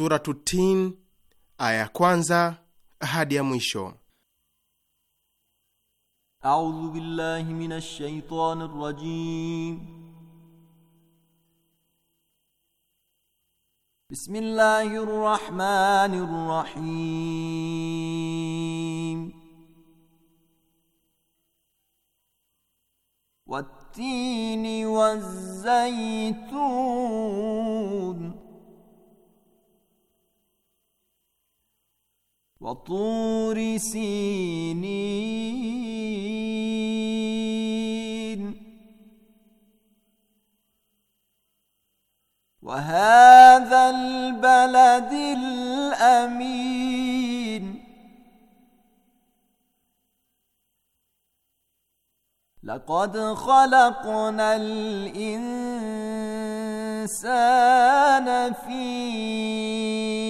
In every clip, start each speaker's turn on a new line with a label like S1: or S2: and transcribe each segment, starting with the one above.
S1: Suratu Tin aya ya kwanza hadi ya mwisho.
S2: A'udhu billahi minash shaitanir rajim. Bismillahir rahmanir rahim. Wat-tini waz-zaytun وطور سينين وهذا البلد الامين لقد خلقنا الانسان فيه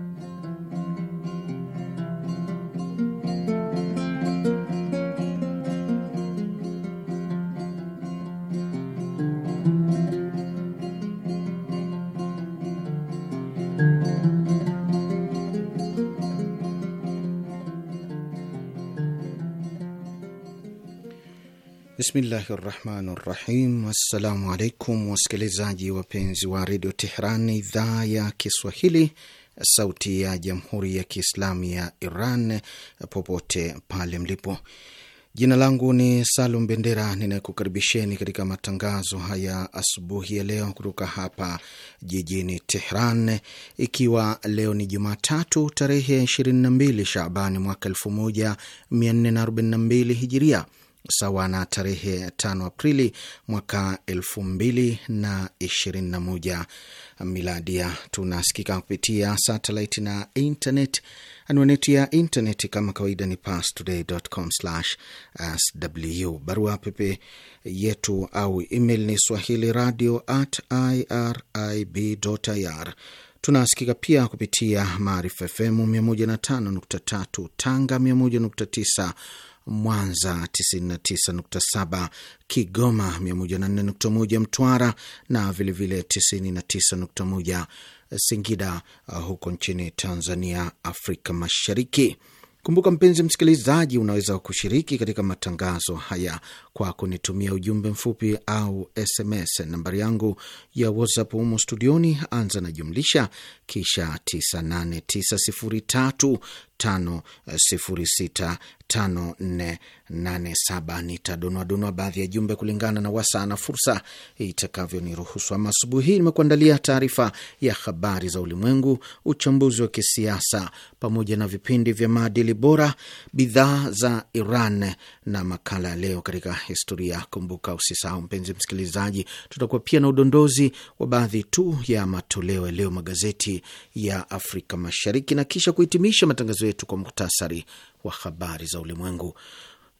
S1: Bismillahi rahmani rahim. Assalamu alaikum wasikilizaji wapenzi wa redio Tehran, idhaa ya Kiswahili, sauti ya jamhuri ya kiislamu ya Iran, popote pale mlipo. Jina langu ni Salum Bendera, ninakukaribisheni katika matangazo haya asubuhi ya leo kutoka hapa jijini Tehran, ikiwa leo ni Jumatatu tarehe 22 shaban mwaka 1442 Hijiria, sawa na tarehe 5 Aprili mwaka elfu mbili na ishirini na moja miladia. Tunasikika kupitia satelit na internet. Anwani ya internet kama kawaida ni pastoday.com/sw. Barua pepe yetu au email ni swahili radio at irib.ir. Tunasikika pia kupitia Maarifa FM 105.3 Tanga, 101.9 Mwanza 99.7, Kigoma 104.1, Mtwara na vilevile 99.1 Singida uh, huko nchini Tanzania, Afrika Mashariki. Kumbuka mpenzi msikilizaji, unaweza kushiriki katika matangazo haya kwa kunitumia ujumbe mfupi au SMS. Nambari yangu ya WhatsApp humo studioni, anza na jumlisha kisha 989035065487. Nitadonwadonwa baadhi ya jumbe kulingana na wasaa na fursa itakavyoniruhusu. Ama asubuhi hii nimekuandalia taarifa ya habari za ulimwengu, uchambuzi wa kisiasa, pamoja na vipindi vya maadili bora, bidhaa za Iran na makala ya leo katika historia. Kumbuka, usisahau mpenzi msikilizaji, tutakuwa pia na udondozi wa baadhi tu ya matoleo ya leo magazeti ya Afrika Mashariki, na kisha kuhitimisha matangazo yetu kwa muktasari wa habari za ulimwengu.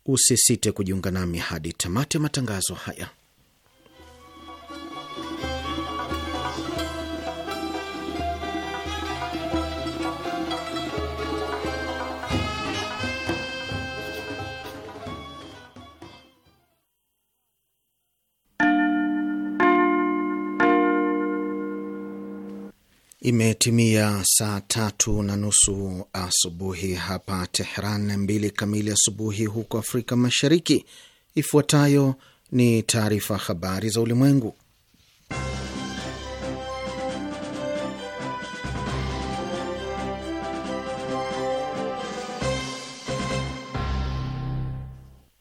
S1: Usisite kujiunga nami hadi tamati ya matangazo haya. Imetimia saa tatu na nusu asubuhi hapa Tehran, mbili kamili asubuhi huko Afrika Mashariki. Ifuatayo ni taarifa habari za ulimwengu,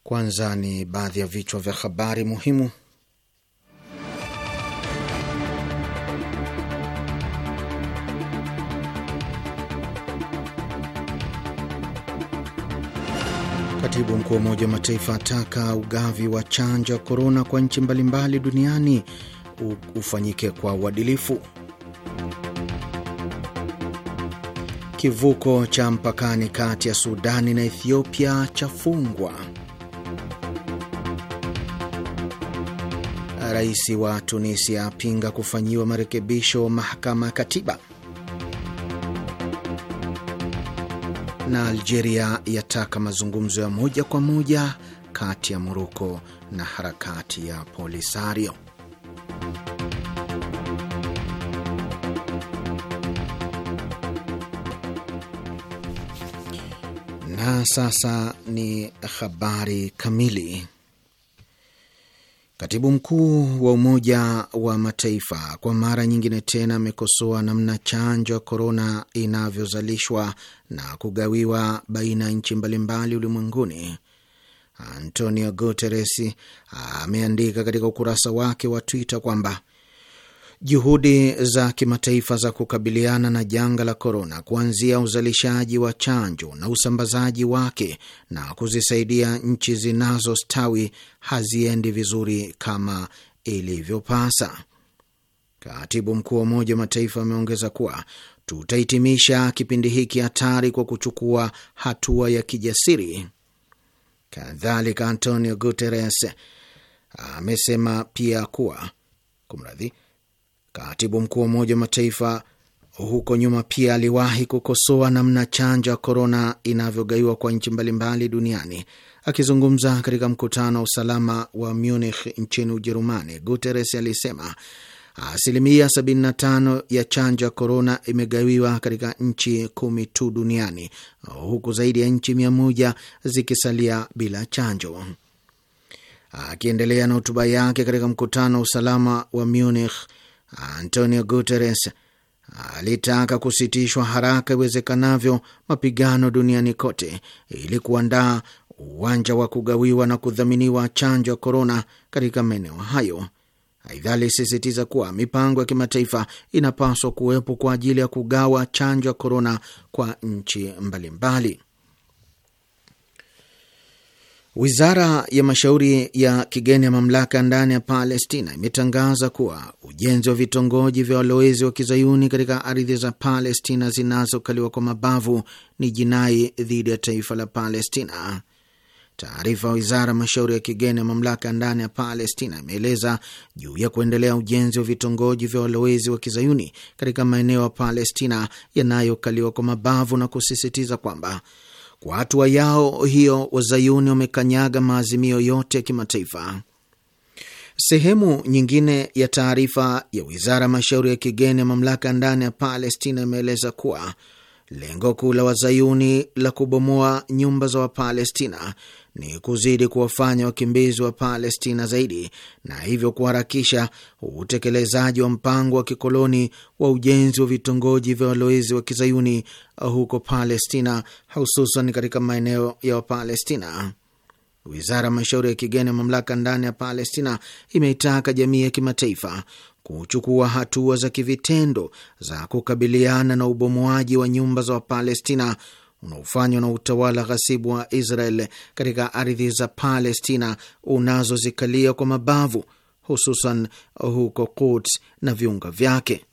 S1: kwanza ni baadhi ya vichwa vya habari muhimu. Katibu mkuu wa Umoja wa Mataifa ataka ugavi wa chanjo ya korona kwa nchi mbalimbali duniani ufanyike kwa uadilifu. Kivuko cha mpakani kati ya Sudani na Ethiopia chafungwa. Rais wa Tunisia apinga kufanyiwa marekebisho mahakama ya katiba. na Algeria yataka mazungumzo ya moja kwa moja kati ya Moroko na harakati ya Polisario. Na sasa ni habari kamili. Katibu mkuu wa Umoja wa Mataifa kwa mara nyingine tena amekosoa namna chanjo ya korona inavyozalishwa na kugawiwa baina ya nchi mbalimbali ulimwenguni. Antonio Guterres ameandika katika ukurasa wake wa Twitter kwamba Juhudi za kimataifa za kukabiliana na janga la korona, kuanzia uzalishaji wa chanjo na usambazaji wake na kuzisaidia nchi zinazostawi haziendi vizuri kama ilivyopasa. Katibu mkuu wa Umoja wa Mataifa ameongeza kuwa tutahitimisha kipindi hiki hatari kwa kuchukua hatua ya kijasiri. Kadhalika, Antonio Guterres amesema pia kuwa kumradhi Katibu mkuu wa Umoja wa Mataifa huko nyuma pia aliwahi kukosoa namna chanjo ya korona inavyogaiwa kwa nchi mbalimbali duniani. Akizungumza katika mkutano wa usalama wa Munich nchini Ujerumani, Guterres alisema asilimia 75 ya chanjo ya korona imegawiwa katika nchi kumi tu duniani huku zaidi ya nchi mia moja zikisalia bila chanjo. Akiendelea na hotuba yake katika mkutano wa usalama wa Munich, Antonio Guterres alitaka kusitishwa haraka iwezekanavyo mapigano duniani kote ili kuandaa uwanja wa kugawiwa na kudhaminiwa chanjo ya korona katika maeneo hayo. Aidha, alisisitiza kuwa mipango ya kimataifa inapaswa kuwepo kwa ajili ya kugawa chanjo ya korona kwa nchi mbalimbali. Wizara ya mashauri ya kigeni ya mamlaka ndani ya Palestina imetangaza kuwa ujenzi wa vitongoji vya walowezi wa kizayuni katika ardhi za Palestina zinazokaliwa kwa mabavu ni jinai dhidi ya taifa la Palestina. Taarifa ya wizara ya mashauri ya kigeni ya mamlaka ndani ya Palestina imeeleza juu ya kuendelea ujenzi wa vitongoji vya walowezi wa kizayuni katika maeneo ya Palestina yanayokaliwa kwa mabavu na kusisitiza kwamba kwa hatua yao hiyo, wazayuni wamekanyaga maazimio yote ya kimataifa. Sehemu nyingine ya taarifa ya wizara ya mashauri ya kigeni ya mamlaka ndani ya Palestina imeeleza kuwa lengo kuu la wazayuni la kubomoa nyumba za Wapalestina ni kuzidi kuwafanya wakimbizi wa Palestina zaidi na hivyo kuharakisha utekelezaji wa mpango wa kikoloni wa ujenzi wa vitongoji vya walowezi wa kizayuni uh, huko Palestina, hususan katika maeneo ya Wapalestina. Wizara ya mashauri ya kigeni ya mamlaka ndani ya Palestina imeitaka jamii ya kimataifa kuchukua hatua za kivitendo za kukabiliana na ubomoaji wa nyumba za Wapalestina unaofanywa na utawala ghasibu wa Israel katika ardhi za Palestina unazozikalia kwa mabavu, hususan huko Quds na viunga vyake.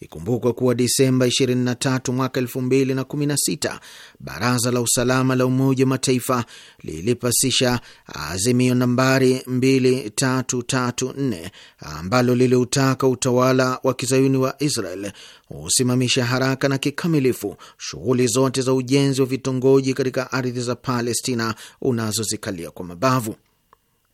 S1: Ikumbukwe kuwa Disemba 23 mwaka 2016 baraza la usalama la Umoja wa Mataifa lilipasisha azimio nambari 2334 ambalo liliutaka utawala wa kizayuni wa Israel husimamisha haraka na kikamilifu shughuli zote za ujenzi wa vitongoji katika ardhi za Palestina unazozikalia kwa mabavu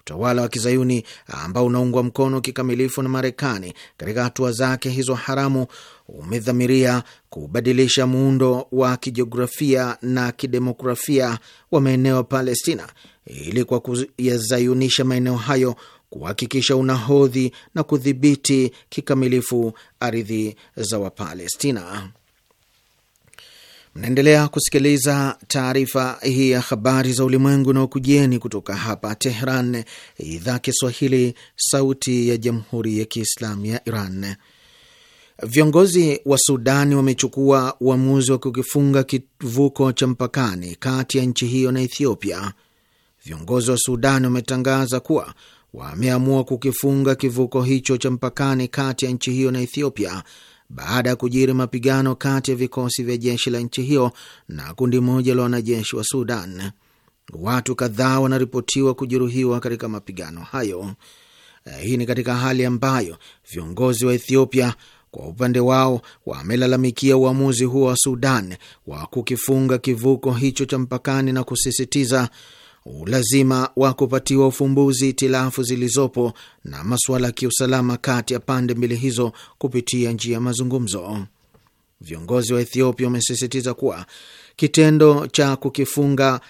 S1: utawala wa kizayuni ambao unaungwa mkono kikamilifu na Marekani katika hatua zake hizo haramu umedhamiria kubadilisha muundo wa kijiografia na kidemografia wa maeneo ya Palestina ili kwa kuyazayunisha maeneo hayo kuhakikisha unahodhi na kudhibiti kikamilifu ardhi za Wapalestina. Mnaendelea kusikiliza taarifa hii ya habari za ulimwengu na ukujieni kutoka hapa Tehran, idhaa Kiswahili, sauti ya jamhuri ya kiislamu ya Iran. Viongozi wa Sudani wamechukua uamuzi wa kukifunga kivuko cha mpakani kati ya nchi hiyo na Ethiopia. Viongozi wa Sudani wametangaza kuwa wameamua kukifunga kivuko hicho cha mpakani kati ya nchi hiyo na Ethiopia baada ya kujiri mapigano kati ya vikosi vya jeshi la nchi hiyo na kundi moja la wanajeshi wa Sudan. Watu kadhaa wanaripotiwa kujeruhiwa katika mapigano hayo. Eh, hii ni katika hali ambayo viongozi wa Ethiopia kwa upande wao wamelalamikia uamuzi huo wa Sudan wa kukifunga kivuko hicho cha mpakani na kusisitiza ulazima wa kupatiwa ufumbuzi itilafu zilizopo na masuala ya kiusalama kati ya pande mbili hizo kupitia njia ya mazungumzo. Viongozi wa Ethiopia wamesisitiza kuwa kitendo cha kukifunga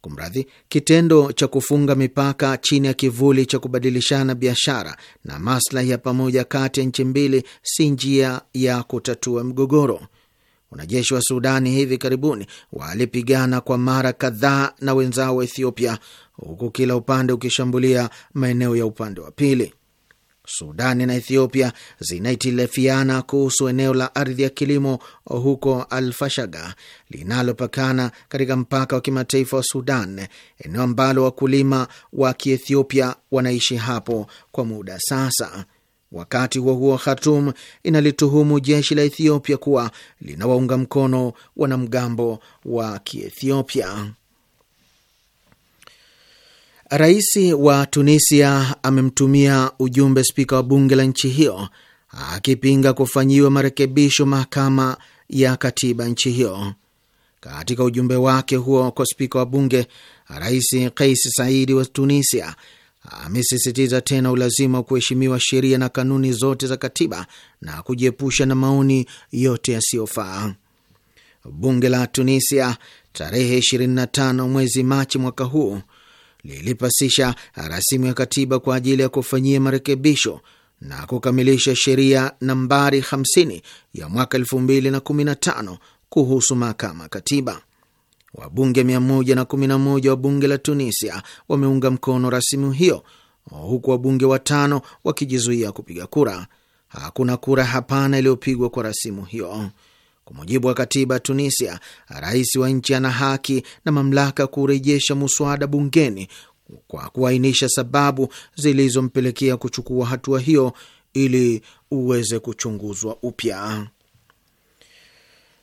S1: Kumradhi, kitendo cha kufunga mipaka chini ya kivuli cha kubadilishana biashara na maslahi ya pamoja kati ya nchi mbili si njia ya kutatua mgogoro. Wanajeshi wa Sudani hivi karibuni walipigana kwa mara kadhaa na wenzao wa Ethiopia, huku kila upande ukishambulia maeneo ya upande wa pili. Sudani na Ethiopia zinaitilafiana kuhusu eneo la ardhi ya kilimo huko Alfashaga linalopakana katika mpaka wa kimataifa wa Sudan, eneo ambalo wakulima wa Kiethiopia wanaishi hapo kwa muda sasa. Wakati huo huo, Khartoum inalituhumu jeshi la Ethiopia kuwa linawaunga mkono wanamgambo wa Kiethiopia. Rais wa Tunisia amemtumia ujumbe spika wa bunge la nchi hiyo akipinga kufanyiwa marekebisho mahakama ya katiba nchi hiyo. Katika ujumbe wake huo kwa spika wa bunge, Rais Kais Saidi wa Tunisia amesisitiza tena ulazima wa kuheshimiwa sheria na kanuni zote za katiba na kujiepusha na maoni yote yasiyofaa. Bunge la Tunisia tarehe 25 mwezi Machi mwaka huu lilipasisha rasimu ya katiba kwa ajili ya kufanyia marekebisho na kukamilisha sheria nambari 50 ya mwaka 2015 kuhusu mahakama katiba. Wabunge 111 wa bunge la Tunisia wameunga mkono rasimu hiyo, huku wabunge watano wakijizuia kupiga kura. Hakuna kura hapana iliyopigwa kwa rasimu hiyo. Kwa mujibu wa katiba Tunisia, rais wa nchi ana haki na mamlaka kurejesha muswada bungeni kwa kuainisha sababu zilizompelekea kuchukua hatua hiyo ili uweze kuchunguzwa upya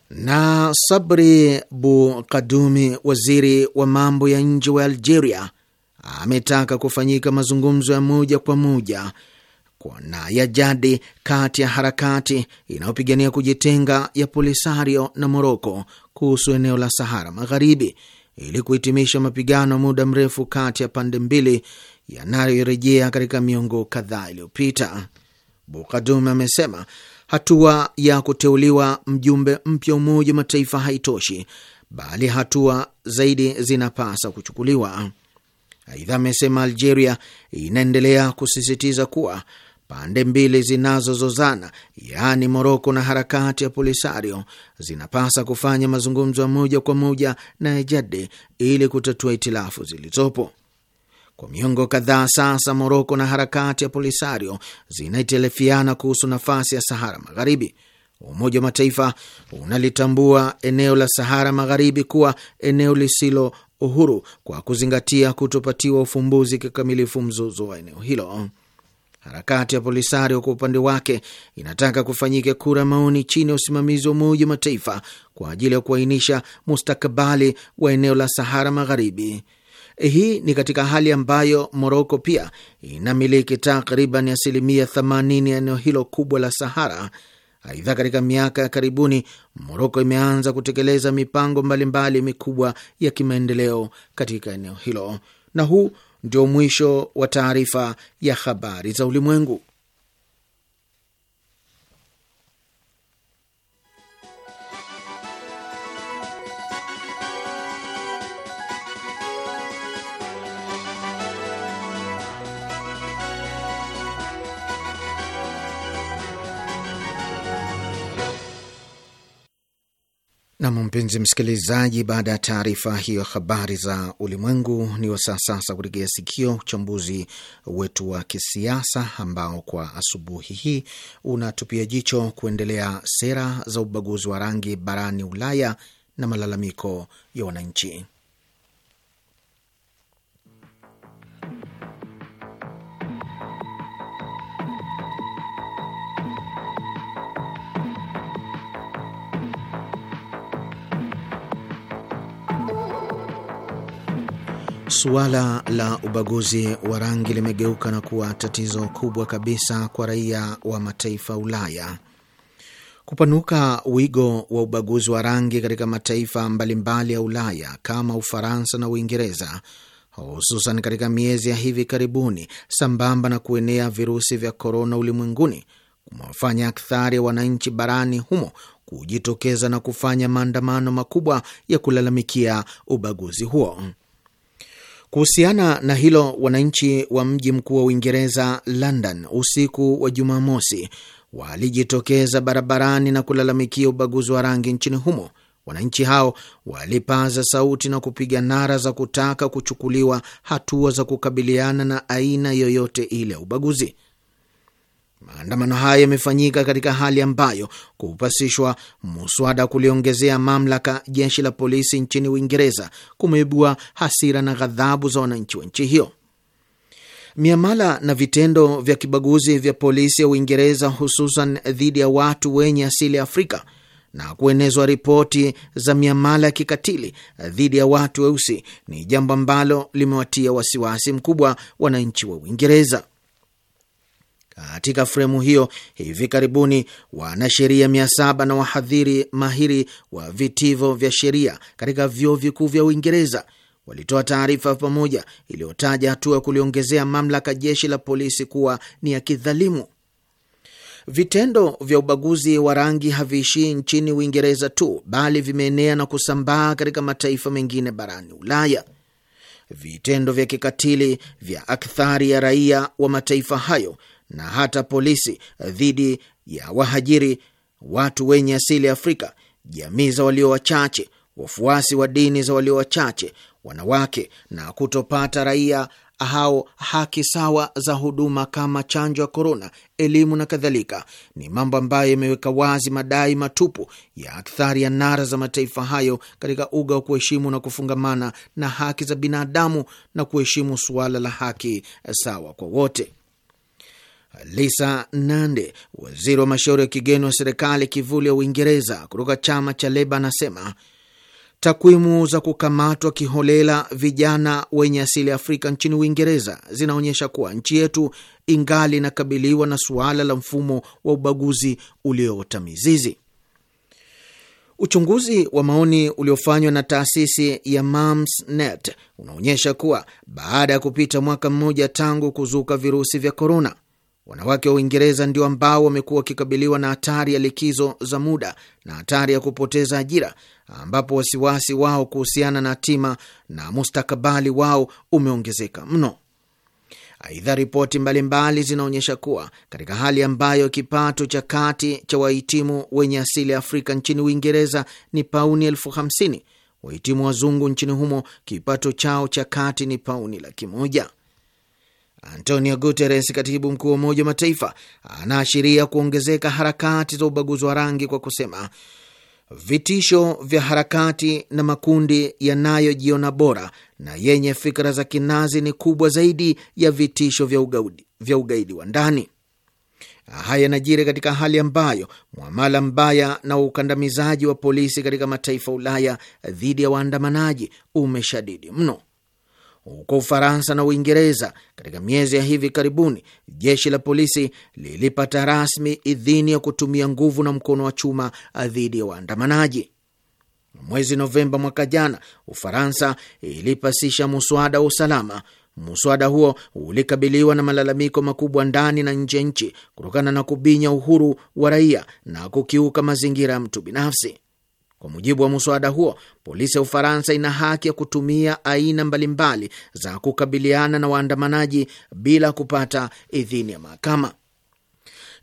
S1: na Sabri bu kadumi waziri wa mambo ya nje wa Algeria, ametaka kufanyika mazungumzo ya moja kwa moja na ya jadi kati ya harakati inayopigania kujitenga ya Polisario na Moroko kuhusu eneo la Sahara Magharibi ili kuhitimisha mapigano muda mrefu kati ya pande mbili yanayorejea katika miongo kadhaa iliyopita. Bukadume amesema hatua ya kuteuliwa mjumbe mpya Umoja wa Mataifa haitoshi, bali hatua zaidi zinapasa kuchukuliwa. Aidha, amesema Algeria inaendelea kusisitiza kuwa pande mbili zinazozozana yaani Moroko na harakati ya Polisario zinapasa kufanya mazungumzo ya moja kwa moja na Ejade ili kutatua itilafu zilizopo. Kwa miongo kadhaa sasa, Moroko na harakati ya Polisario zinaitelefiana kuhusu nafasi ya Sahara Magharibi. Umoja wa Mataifa unalitambua eneo la Sahara Magharibi kuwa eneo lisilo uhuru kwa kuzingatia kutopatiwa ufumbuzi kikamilifu mzozo wa eneo hilo. Harakati ya Polisario kwa upande wake inataka kufanyike kura maoni chini ya usimamizi wa Umoja wa Mataifa kwa ajili ya kuainisha mustakabali wa eneo la Sahara Magharibi. Hii ni katika hali ambayo Moroko pia inamiliki takriban asilimia 80 ya eneo hilo kubwa la Sahara. Aidha, katika miaka ya karibuni Moroko imeanza kutekeleza mipango mbalimbali mikubwa ya kimaendeleo katika eneo hilo. Na huu ndio mwisho wa taarifa ya habari za ulimwengu. Nam, mpenzi msikilizaji, baada ya taarifa hiyo habari za ulimwengu, ni wasaa sasa kuregea sikio uchambuzi wetu wa kisiasa ambao kwa asubuhi hii unatupia jicho kuendelea sera za ubaguzi wa rangi barani Ulaya na malalamiko ya wananchi. Suala la ubaguzi wa rangi limegeuka na kuwa tatizo kubwa kabisa kwa raia wa mataifa Ulaya. Kupanuka wigo wa ubaguzi wa rangi katika mataifa mbalimbali ya Ulaya kama Ufaransa na Uingereza, hususan katika miezi ya hivi karibuni, sambamba na kuenea virusi vya korona ulimwenguni, kumewafanya akthari ya wananchi barani humo kujitokeza na kufanya maandamano makubwa ya kulalamikia ubaguzi huo. Kuhusiana na hilo, wananchi wa mji mkuu wa Uingereza, London, usiku wa Jumamosi walijitokeza barabarani na kulalamikia ubaguzi wa rangi nchini humo. Wananchi hao walipaza sauti na kupiga nara za kutaka kuchukuliwa hatua za kukabiliana na aina yoyote ile ya ubaguzi. Maandamano hayo yamefanyika katika hali ambayo kupasishwa muswada kuliongezea mamlaka jeshi la polisi nchini Uingereza kumeibua hasira na ghadhabu za wananchi wa nchi hiyo. Miamala na vitendo vya kibaguzi vya polisi ya Uingereza, hususan dhidi ya watu wenye asili ya Afrika na kuenezwa ripoti za miamala ya kikatili dhidi ya watu weusi ni jambo ambalo limewatia wasiwasi mkubwa wananchi wa Uingereza. Katika fremu hiyo, hivi karibuni wanasheria mia saba na wahadhiri mahiri wa vitivo vya sheria katika vyuo vikuu vya Uingereza walitoa taarifa pamoja iliyotaja hatua ya kuliongezea mamlaka jeshi la polisi kuwa ni ya kidhalimu. Vitendo vya ubaguzi wa rangi haviishii nchini Uingereza tu bali vimeenea na kusambaa katika mataifa mengine barani Ulaya. Vitendo vya kikatili vya akthari ya raia wa mataifa hayo na hata polisi dhidi ya wahajiri, watu wenye asili ya Afrika, jamii za walio wachache, wafuasi wa dini za walio wachache, wanawake na kutopata raia hao haki sawa za huduma kama chanjo ya korona, elimu na kadhalika, ni mambo ambayo yameweka wazi madai matupu ya akthari ya nara za mataifa hayo katika uga wa kuheshimu na kufungamana na haki za binadamu na kuheshimu suala la haki sawa kwa wote. Lisa Nande, waziri wa mashauri ya kigeni wa serikali kivuli ya Uingereza kutoka chama cha Leba, anasema takwimu za kukamatwa kiholela vijana wenye asili ya Afrika nchini Uingereza zinaonyesha kuwa nchi yetu ingali inakabiliwa na suala la mfumo wa ubaguzi ulioota mizizi. Uchunguzi wa maoni uliofanywa na taasisi ya MamsNet unaonyesha kuwa baada ya kupita mwaka mmoja tangu kuzuka virusi vya korona Wanawake wa Uingereza ndio ambao wamekuwa wakikabiliwa na hatari ya likizo za muda na hatari ya kupoteza ajira, ambapo wasiwasi wao kuhusiana na hatima na mustakabali wao umeongezeka mno. Aidha, ripoti mbalimbali zinaonyesha kuwa katika hali ambayo kipato cha kati cha wahitimu wenye asili ya Afrika nchini Uingereza ni pauni elfu hamsini, wahitimu wazungu nchini humo kipato chao cha kati ni pauni laki moja. Antonio Guterres, katibu mkuu wa Umoja wa Mataifa, anaashiria kuongezeka harakati za ubaguzi wa rangi kwa kusema vitisho vya harakati na makundi yanayojiona bora na yenye fikra za kinazi ni kubwa zaidi ya vitisho vya ugaidi, vya ugaidi wa ndani. Haya yanajiri katika hali ambayo mwamala mbaya na ukandamizaji wa polisi katika mataifa Ulaya dhidi ya waandamanaji umeshadidi mno. Huko Ufaransa na Uingereza, katika miezi ya hivi karibuni, jeshi la polisi lilipata rasmi idhini ya kutumia nguvu na mkono wa chuma dhidi ya waandamanaji. Mwezi Novemba mwaka jana, Ufaransa ilipasisha muswada wa usalama. Muswada huo ulikabiliwa na malalamiko makubwa ndani na nje ya nchi kutokana na kubinya uhuru wa raia na kukiuka mazingira ya mtu binafsi. Kwa mujibu wa muswada huo, polisi ya Ufaransa ina haki ya kutumia aina mbalimbali za kukabiliana na waandamanaji bila kupata idhini ya mahakama.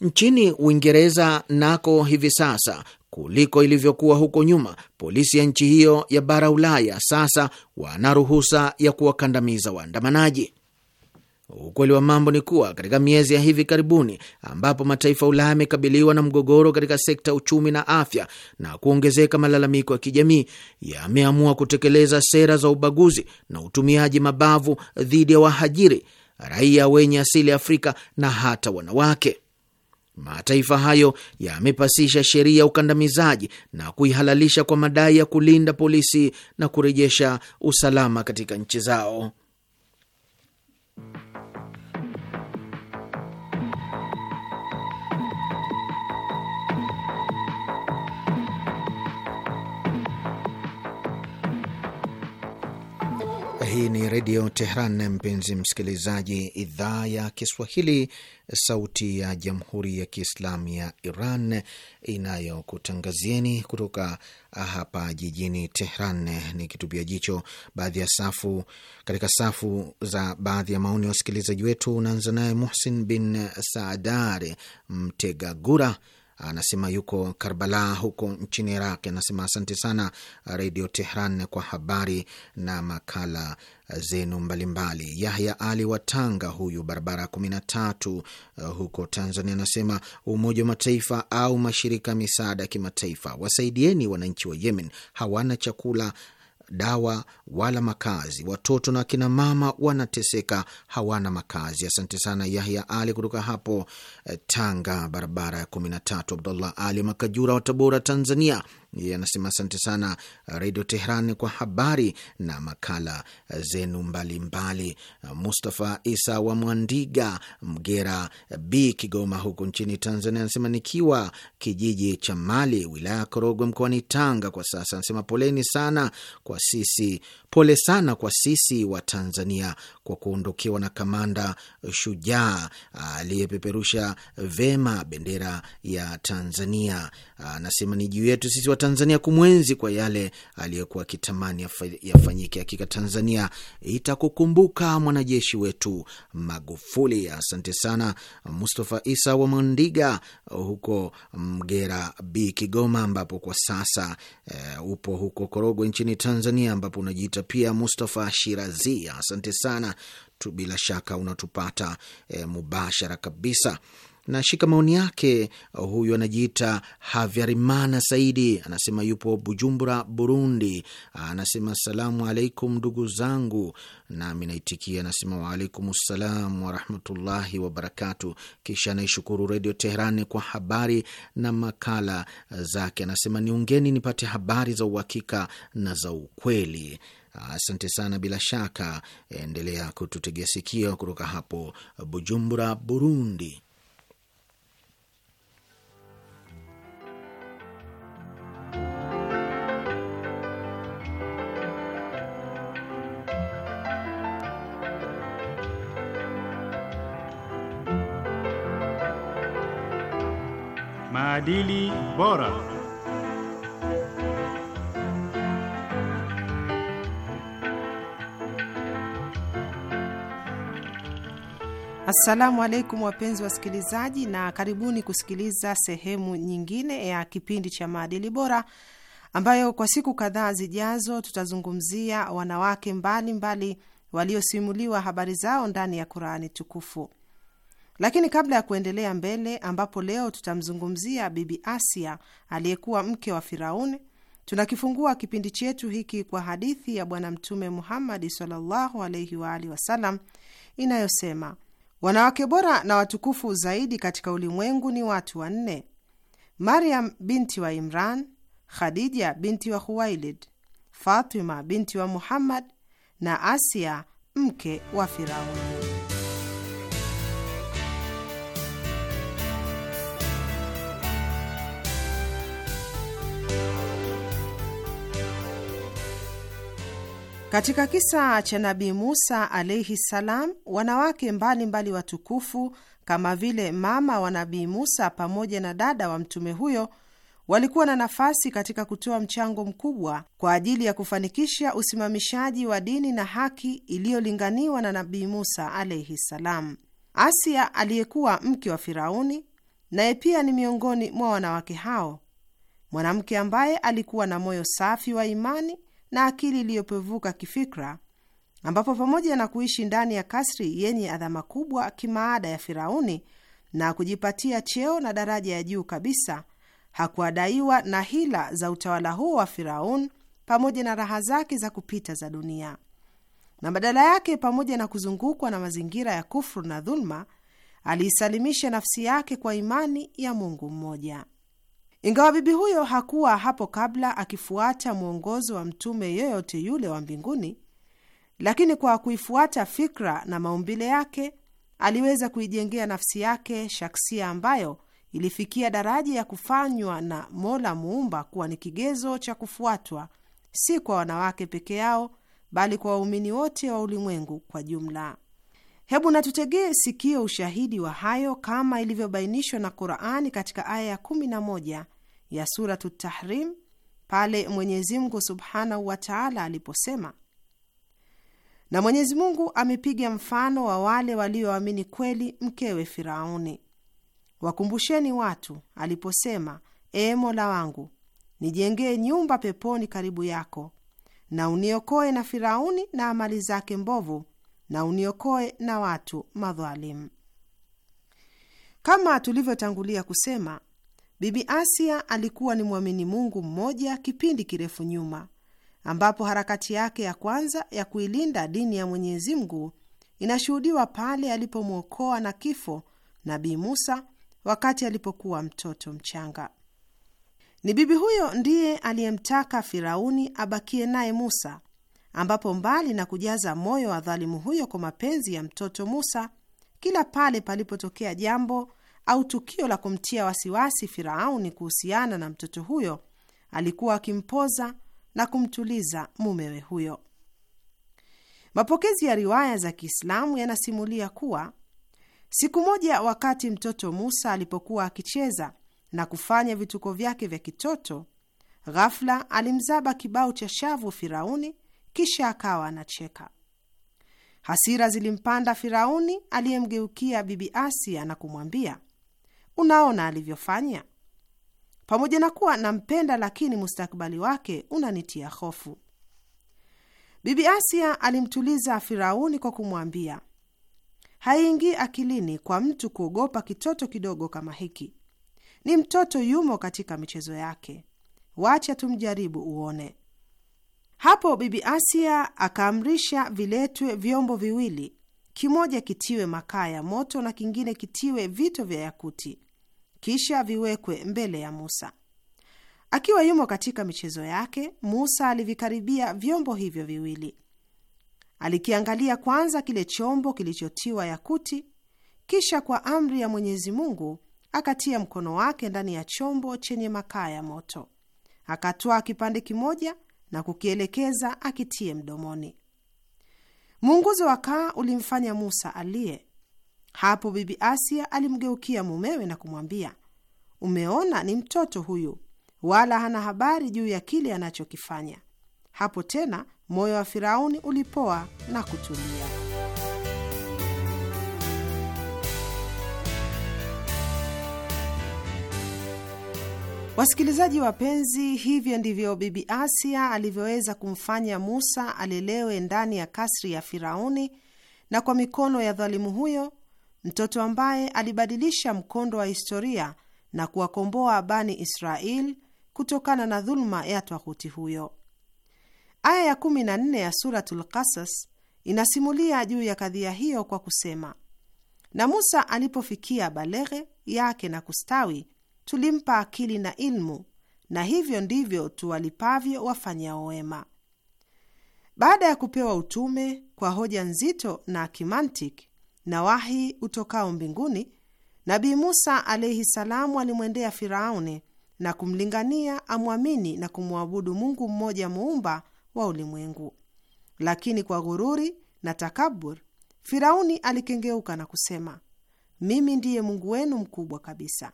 S1: Nchini Uingereza nako hivi sasa kuliko ilivyokuwa huko nyuma, polisi ya nchi hiyo ya bara Ulaya sasa wana ruhusa ya kuwakandamiza waandamanaji. Ukweli wa mambo ni kuwa katika miezi ya hivi karibuni, ambapo mataifa ya Ulaya yamekabiliwa na mgogoro katika sekta ya uchumi na afya na kuongezeka malalamiko ya kijamii, yameamua kutekeleza sera za ubaguzi na utumiaji mabavu dhidi ya wahajiri, raia wenye asili ya Afrika na hata wanawake. Mataifa hayo yamepasisha sheria ya ukandamizaji na kuihalalisha kwa madai ya kulinda polisi na kurejesha usalama katika nchi zao. Hii ni Redio Tehran, mpenzi msikilizaji, idhaa ya Kiswahili, sauti ya Jamhuri ya Kiislamu ya Iran inayokutangazieni kutoka hapa jijini Tehran, ni kitupia jicho baadhi ya safu katika safu za baadhi ya maoni ya wasikilizaji wetu. Unaanza naye Muhsin bin Saadar Mtegagura anasema yuko Karbala huko nchini Iraq. Anasema asante sana Redio Tehran kwa habari na makala zenu mbalimbali. Yahya Ali wa Tanga, huyu barabara ya kumi na tatu uh, huko Tanzania, anasema Umoja wa Mataifa au mashirika ya misaada ya kimataifa, wasaidieni wananchi wa Yemen, hawana chakula dawa wala makazi. Watoto na akina mama wanateseka, hawana makazi. Asante sana Yahya Ali kutoka hapo eh, Tanga, barabara ya kumi na tatu, Abdullah Ali Makajura wa Tabora, Tanzania. Yeye anasema asante sana Redio Tehran kwa habari na makala zenu mbalimbali. Mustafa Isa wa Mwandiga, Mgera B, Kigoma huku nchini Tanzania anasema nikiwa kijiji cha Mali wilaya ya Korogwe mkoani Tanga kwa sasa. Anasema poleni sana kwa sisi, pole sana kwa sisi wa Tanzania kwa kuondokewa na kamanda shujaa aliyepeperusha vema bendera ya Tanzania. Ah, anasema ni juu yetu sisi wa Tanzania kumwenzi kwa yale aliyekuwa akitamani yafanyike. Hakika Tanzania itakukumbuka mwanajeshi wetu Magufuli. Asante sana Mustafa Isa wa Mandiga huko Mgera B Kigoma, ambapo kwa sasa e, upo huko Korogwe nchini Tanzania, ambapo unajiita pia Mustafa Shirazi. Asante sana tu, bila shaka unatupata e, mubashara kabisa. Nashika maoni yake. Huyu anajiita Havyarimana Saidi, anasema yupo Bujumbura, Burundi. Anasema salamu alaikum ndugu zangu, nami naitikia anasema waalaikum salam warahmatullahi wabarakatu. Kisha anaishukuru Redio Teherani kwa habari na makala zake. Anasema niungeni nipate habari za uhakika na za ukweli. Asante sana. Bila shaka endelea kututegea sikio kutoka hapo Bujumbura, Burundi.
S3: Maadili Bora.
S4: Assalamu alaikum wapenzi wasikilizaji, na karibuni kusikiliza sehemu nyingine ya kipindi cha maadili bora ambayo kwa siku kadhaa zijazo tutazungumzia wanawake mbalimbali waliosimuliwa habari zao ndani ya Qurani tukufu. Lakini kabla ya kuendelea mbele, ambapo leo tutamzungumzia Bibi Asia aliyekuwa mke wa Firauni, tunakifungua kipindi chetu hiki kwa hadithi ya Bwana Mtume Muhammadi sallallahu alaihi wasalam inayosema wanawake bora na watukufu zaidi katika ulimwengu ni watu wanne: Maryam binti wa Imran, Khadija binti wa Khuwailid, Fatima binti wa Muhammad na Asia mke wa Firauni. Katika kisa cha Nabii Musa alaihi salam, wanawake mbalimbali mbali watukufu kama vile mama wa Nabii Musa pamoja na dada wa mtume huyo walikuwa na nafasi katika kutoa mchango mkubwa kwa ajili ya kufanikisha usimamishaji wa dini na haki iliyolinganiwa na Nabii Musa alaihi salam. Asia aliyekuwa mke wa Firauni naye pia ni miongoni mwa wanawake hao, mwanamke ambaye alikuwa na moyo safi wa imani na akili iliyopevuka kifikra, ambapo pamoja na kuishi ndani ya kasri yenye adhama kubwa kimaada ya Firauni na kujipatia cheo na daraja ya juu kabisa, hakuadaiwa na hila za utawala huo wa Firaun pamoja na raha zake za kupita za dunia, na badala yake, pamoja na kuzungukwa na mazingira ya kufru na dhuluma, aliisalimisha nafsi yake kwa imani ya Mungu mmoja. Ingawa bibi huyo hakuwa hapo kabla akifuata mwongozo wa mtume yoyote yule wa mbinguni, lakini kwa kuifuata fikra na maumbile yake aliweza kuijengea nafsi yake shaksia ambayo ilifikia daraja ya kufanywa na Mola Muumba kuwa ni kigezo cha kufuatwa, si kwa wanawake peke yao, bali kwa waumini wote wa ulimwengu kwa jumla. Hebu natutegee sikio ushahidi wa hayo kama ilivyobainishwa na Qur'ani katika aya ya 11 ya Suratu Tahrim pale Mwenyezi Mungu subhanahu wa taala aliposema, na Mwenyezi Mungu amepiga mfano wa wale walioamini kweli mkewe Firauni. Wakumbusheni watu aliposema, Ee Mola wangu, nijengee nyumba peponi karibu yako, na uniokoe na Firauni na amali zake mbovu, na uniokoe na watu madhalimu. Kama tulivyotangulia kusema Bibi Asia alikuwa ni mwamini Mungu mmoja kipindi kirefu nyuma, ambapo harakati yake ya kwanza ya kuilinda dini ya Mwenyezi Mungu inashuhudiwa pale alipomwokoa na kifo Nabii Musa wakati alipokuwa mtoto mchanga. Ni bibi huyo ndiye aliyemtaka Firauni abakie naye Musa, ambapo mbali na kujaza moyo wa dhalimu huyo kwa mapenzi ya mtoto Musa, kila pale palipotokea jambo au tukio la kumtia wasiwasi Firauni kuhusiana na mtoto huyo, alikuwa akimpoza na kumtuliza mumewe huyo. Mapokezi ya riwaya za Kiislamu yanasimulia kuwa siku moja, wakati mtoto Musa alipokuwa akicheza na kufanya vituko vyake vya kitoto, ghafla alimzaba kibao cha shavu Firauni, kisha akawa anacheka. Hasira zilimpanda Firauni, aliyemgeukia Bibi Asia na kumwambia, Unaona alivyofanya? Pamoja na kuwa nampenda, lakini mustakbali wake unanitia hofu. Bibi Asia alimtuliza Firauni kwa kumwambia, haingii akilini kwa mtu kuogopa kitoto kidogo kama hiki. Ni mtoto, yumo katika michezo yake, wacha tumjaribu uone. Hapo Bibi Asia akaamrisha viletwe vyombo viwili, kimoja kitiwe makaa ya moto na kingine kitiwe vito vya yakuti kisha viwekwe mbele ya Musa. Akiwa yumo katika michezo yake, Musa alivikaribia vyombo hivyo viwili. Alikiangalia kwanza kile chombo kilichotiwa yakuti, kisha kwa amri ya Mwenyezi Mungu akatia mkono wake ndani ya chombo chenye makaa ya moto, akatwaa kipande kimoja na kukielekeza akitie mdomoni. Muunguzo wa kaa ulimfanya Musa aliye hapo Bibi Asia alimgeukia mumewe na kumwambia, umeona ni mtoto huyu, wala hana habari juu ya kile anachokifanya. Hapo tena moyo wa Firauni ulipoa na kutulia. Wasikilizaji wapenzi, hivyo ndivyo Bibi Asia alivyoweza kumfanya Musa alelewe ndani ya kasri ya Firauni, na kwa mikono ya dhalimu huyo mtoto ambaye alibadilisha mkondo wa historia na kuwakomboa Bani Israel kutokana na dhuluma ya twahuti huyo. Aya ya 14 ya Suratul Kasas inasimulia juu ya kadhia hiyo kwa kusema, na Musa alipofikia baleghe yake na kustawi, tulimpa akili na ilmu, na hivyo ndivyo tuwalipavyo wafanyao wema. Baada ya kupewa utume kwa hoja nzito na kimantiki na wahi utokao mbinguni, Nabii Musa alaihi salamu alimwendea Firauni na kumlingania amwamini na kumwabudu Mungu mmoja muumba wa ulimwengu, lakini kwa ghururi na takabur Firauni alikengeuka na kusema, mimi ndiye Mungu wenu mkubwa kabisa.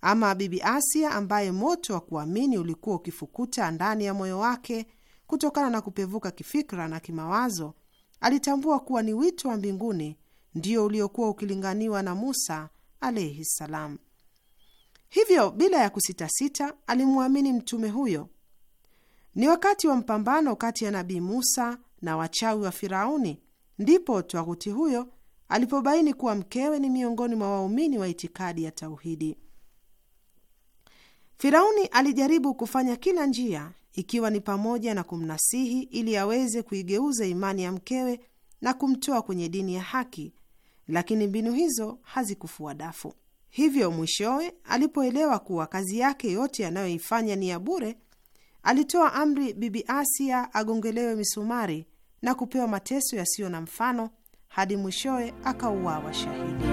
S4: Ama Bibi Asia, ambaye moto wa kuamini ulikuwa ukifukuta ndani ya moyo wake kutokana na kupevuka kifikra na kimawazo, alitambua kuwa ni wito wa mbinguni ndio uliokuwa ukilinganiwa na Musa alaihi ssalam. Hivyo bila ya kusitasita alimwamini mtume huyo. Ni wakati wa mpambano kati ya Nabii Musa na wachawi wa Firauni ndipo twaguti huyo alipobaini kuwa mkewe ni miongoni mwa waumini wa itikadi ya tauhidi. Firauni alijaribu kufanya kila njia, ikiwa ni pamoja na kumnasihi ili aweze kuigeuza imani ya mkewe na kumtoa kwenye dini ya haki, lakini mbinu hizo hazikufua dafu. Hivyo mwishowe, alipoelewa kuwa kazi yake yote anayoifanya ni ya bure, alitoa amri Bibi Asia agongelewe misumari na kupewa mateso yasiyo na mfano hadi mwishowe akauawa shahidi.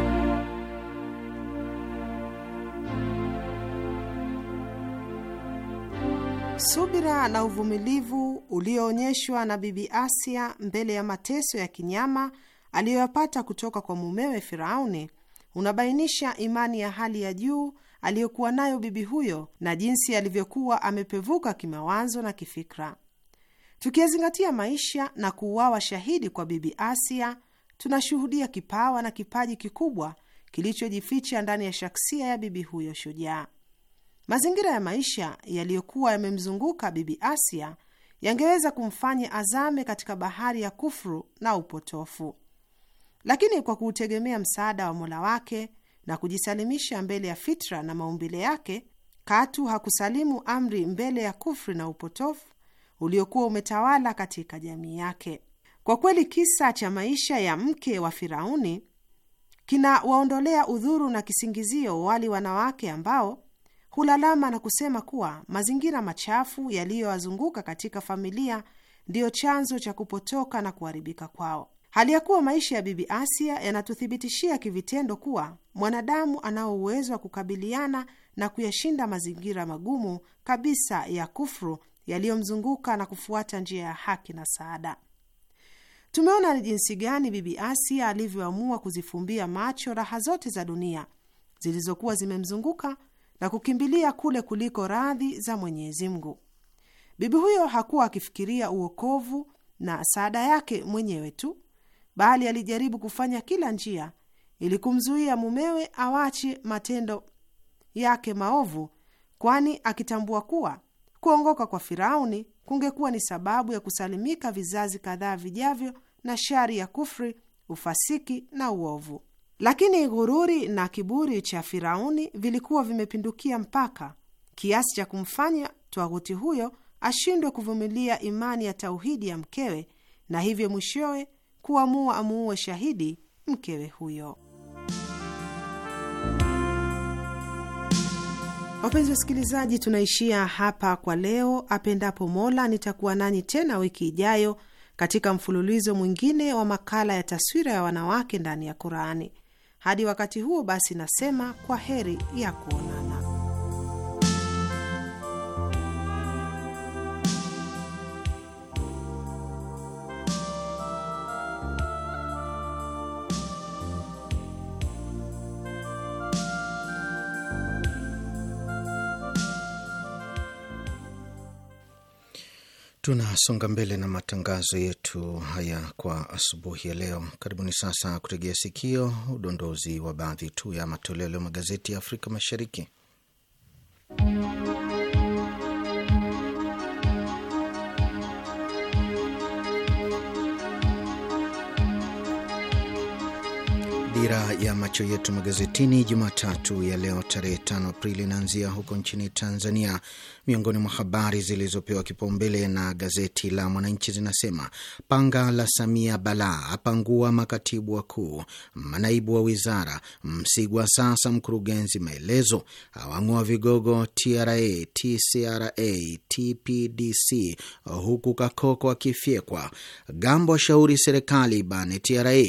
S4: Subira na uvumilivu ulioonyeshwa na Bibi Asia mbele ya mateso ya kinyama aliyoyapata kutoka kwa mumewe Firauni unabainisha imani ya hali ya juu aliyokuwa nayo bibi huyo na jinsi alivyokuwa amepevuka kimawazo na kifikra. Tukiyazingatia maisha na kuuawa shahidi kwa bibi Asia, tunashuhudia kipawa na kipaji kikubwa kilichojificha ndani ya shaksia ya bibi huyo shujaa. Mazingira ya maisha yaliyokuwa yamemzunguka bibi Asia yangeweza kumfanya azame katika bahari ya kufru na upotofu lakini kwa kuutegemea msaada wa Mola wake na kujisalimisha mbele ya fitra na maumbile yake, katu hakusalimu amri mbele ya kufri na upotofu uliokuwa umetawala katika jamii yake. Kwa kweli kisa cha maisha ya mke wa Firauni kinawaondolea udhuru na kisingizio wali wanawake ambao hulalama na kusema kuwa mazingira machafu yaliyowazunguka katika familia ndiyo chanzo cha kupotoka na kuharibika kwao. Hali ya kuwa maisha ya Bibi Asia yanatuthibitishia kivitendo kuwa mwanadamu anao uwezo wa kukabiliana na kuyashinda mazingira magumu kabisa ya kufru yaliyomzunguka na kufuata njia ya haki na saada. Tumeona ni jinsi gani Bibi Asia alivyoamua kuzifumbia macho raha zote za dunia zilizokuwa zimemzunguka na kukimbilia kule kuliko radhi za Mwenyezi Mungu. Bibi huyo hakuwa akifikiria uokovu na saada yake mwenyewe tu, bali alijaribu kufanya kila njia ili kumzuia mumewe awache matendo yake maovu, kwani akitambua kuwa kuongoka kwa Firauni kungekuwa ni sababu ya kusalimika vizazi kadhaa vijavyo na shari ya kufri, ufasiki na uovu. Lakini ghururi na kiburi cha Firauni vilikuwa vimepindukia mpaka kiasi cha kumfanya twaguti huyo ashindwe kuvumilia imani ya tauhidi ya mkewe, na hivyo mwishowe kuamua amuue shahidi mkewe huyo. Wapenzi wasikilizaji, tunaishia hapa kwa leo. Apendapo Mola, nitakuwa nanyi tena wiki ijayo katika mfululizo mwingine wa makala ya taswira ya wanawake ndani ya Qurani. Hadi wakati huo basi, nasema kwa heri ya kuona.
S1: Tunasonga mbele na matangazo yetu haya kwa asubuhi ya leo. Karibuni sasa kutegea sikio udondozi wa baadhi tu ya matoleo ya magazeti ya Afrika Mashariki. Dira ya macho yetu magazetini Jumatatu ya leo tarehe 5 Aprili inaanzia huko nchini Tanzania. Miongoni mwa habari zilizopewa kipaumbele na gazeti la Mwananchi zinasema panga la Samia balaa, apangua makatibu wakuu, manaibu wa wizara, Msigwa sasa mkurugenzi maelezo, awang'oa vigogo TRA, TCRA, TPDC, huku Kakoko akifyekwa, Gambo ashauri serikali bane TRA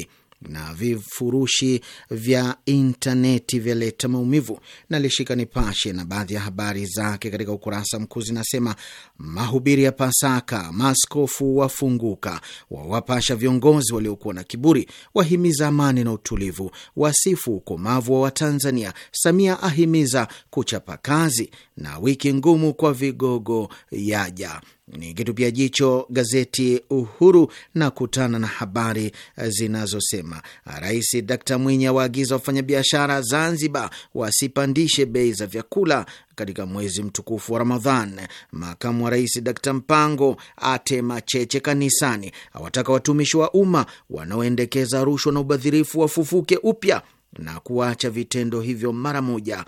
S1: na vifurushi vya intaneti vyaleta maumivu. Nalishika Nipashe na baadhi ya habari zake katika ukurasa mkuu zinasema mahubiri ya Pasaka, maaskofu wafunguka, wawapasha viongozi waliokuwa na kiburi, wahimiza amani na utulivu, wasifu ukomavu wa Watanzania, Samia ahimiza kuchapa kazi, na wiki ngumu kwa vigogo yaja ni kitupia jicho gazeti Uhuru na kutana na habari zinazosema Rais Dkt Mwinyi awaagiza wafanyabiashara Zanzibar wasipandishe bei za vyakula katika mwezi mtukufu wa Ramadhan. Makamu wa rais Dkt Mpango atema cheche kanisani, awataka watumishi wa umma wanaoendekeza rushwa na ubadhirifu wafufuke upya na kuacha vitendo hivyo mara moja.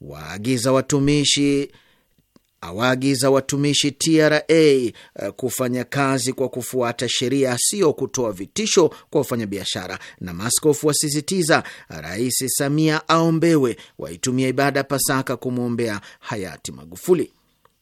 S1: Waagiza watumishi awaagiza watumishi TRA eh, kufanya kazi kwa kufuata sheria, sio kutoa vitisho kwa wafanyabiashara, na maskofu wasisitiza Rais Samia aombewe waitumia ibada Pasaka kumwombea hayati Magufuli.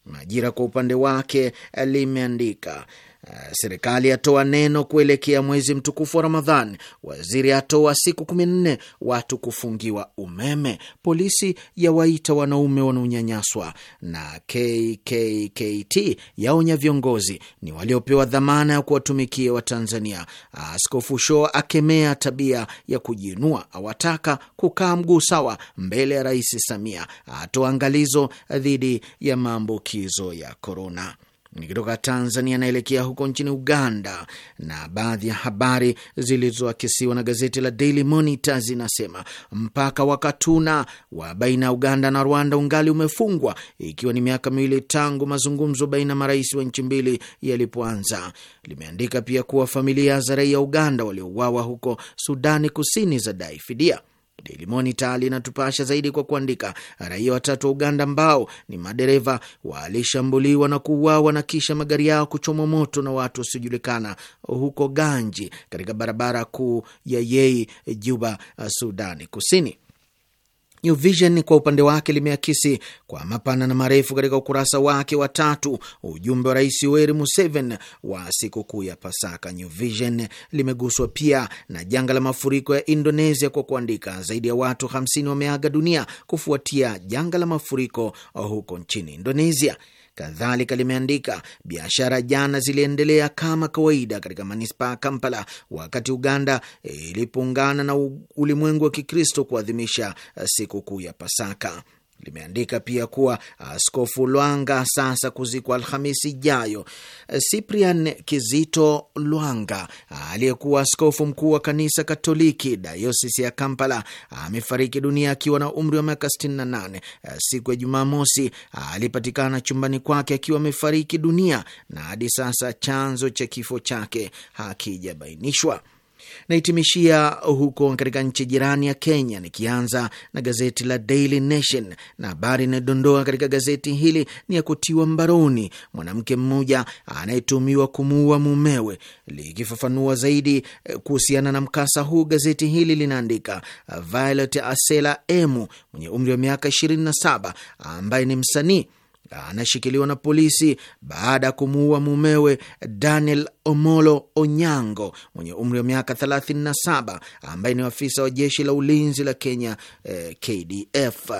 S1: Majira kwa upande wake limeandika Eh, serikali atoa neno kuelekea mwezi mtukufu wa Ramadhan. Waziri atoa siku kumi na nne watu kufungiwa umeme. Polisi yawaita wanaume wanaonyanyaswa, na KKKT yaonya viongozi ni waliopewa dhamana ya kuwatumikia Watanzania. Askofu Sho akemea tabia ya kujiinua, awataka kukaa mguu sawa mbele ya Rais Samia, atoa angalizo dhidi ya maambukizo ya korona. Nikitoka Tanzania naelekea huko nchini Uganda, na baadhi ya habari zilizoakisiwa na gazeti la Daily Monitor zinasema mpaka wa Katuna wa baina ya Uganda na Rwanda ungali umefungwa ikiwa ni miaka miwili tangu mazungumzo baina ya marais wa nchi mbili yalipoanza. Limeandika pia kuwa familia za raia Uganda waliouawa huko Sudani Kusini dai fidia. Daily Monitor linatupasha zaidi kwa kuandika, raia watatu wa Uganda ambao ni madereva walishambuliwa na kuuawa na kisha magari yao kuchomwa moto na watu wasiojulikana huko Ganji, katika barabara kuu ya Yei, Juba, Sudani Kusini. New Vision kwa upande wake limeakisi kwa mapana na marefu katika ukurasa wake wa tatu ujumbe wa Rais Yoweri Museveni wa sikukuu ya Pasaka. New Vision limeguswa pia na janga la mafuriko ya Indonesia kwa kuandika, zaidi ya watu 50 wameaga dunia kufuatia janga la mafuriko huko nchini Indonesia. Kadhalika limeandika biashara jana ziliendelea kama kawaida katika manispaa ya Kampala, wakati Uganda ilipoungana na ulimwengu wa Kikristo kuadhimisha eh, sikukuu ya Pasaka limeandika pia kuwa ah, Askofu Lwanga sasa kuzikwa Alhamisi ijayo. Eh, Cyprian Kizito Lwanga ah, aliyekuwa askofu mkuu wa kanisa Katoliki dayosisi ya Kampala ah, amefariki dunia akiwa na umri wa miaka 68 eh, siku ya Jumamosi. Alipatikana chumbani kwake akiwa amefariki dunia na hadi sasa chanzo cha kifo chake hakijabainishwa naitimishia huko katika nchi jirani ya Kenya, nikianza na gazeti la Daily Nation, na habari inayodondoa katika gazeti hili ni ya kutiwa mbaroni mwanamke mmoja anayetumiwa kumuua mumewe. Likifafanua zaidi eh, kuhusiana na mkasa huu, gazeti hili linaandika Violet Asela Emu mwenye umri wa miaka 27 ambaye ni msanii anashikiliwa na polisi baada ya kumuua mumewe Daniel Omolo Onyango mwenye umri wa miaka 37 ambaye ni afisa wa jeshi la ulinzi la Kenya eh, KDF.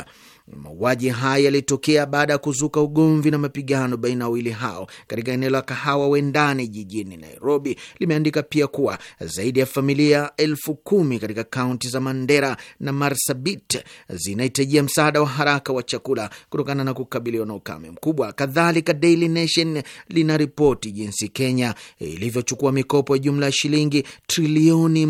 S1: Mauaji haya yalitokea baada ya kuzuka ugomvi na mapigano baina ya wawili hao katika eneo la Kahawa Wendani jijini Nairobi. Limeandika pia kuwa zaidi ya familia elfu kumi katika kaunti za Mandera na Marsabit zinahitajia msaada wa haraka wa chakula kutokana na kukabiliwa na ukame mkubwa. Kadhalika, Daily Nation ripoti jinsi Kenya ilivyochukua mikopo ya jumla ya shilingi trilioni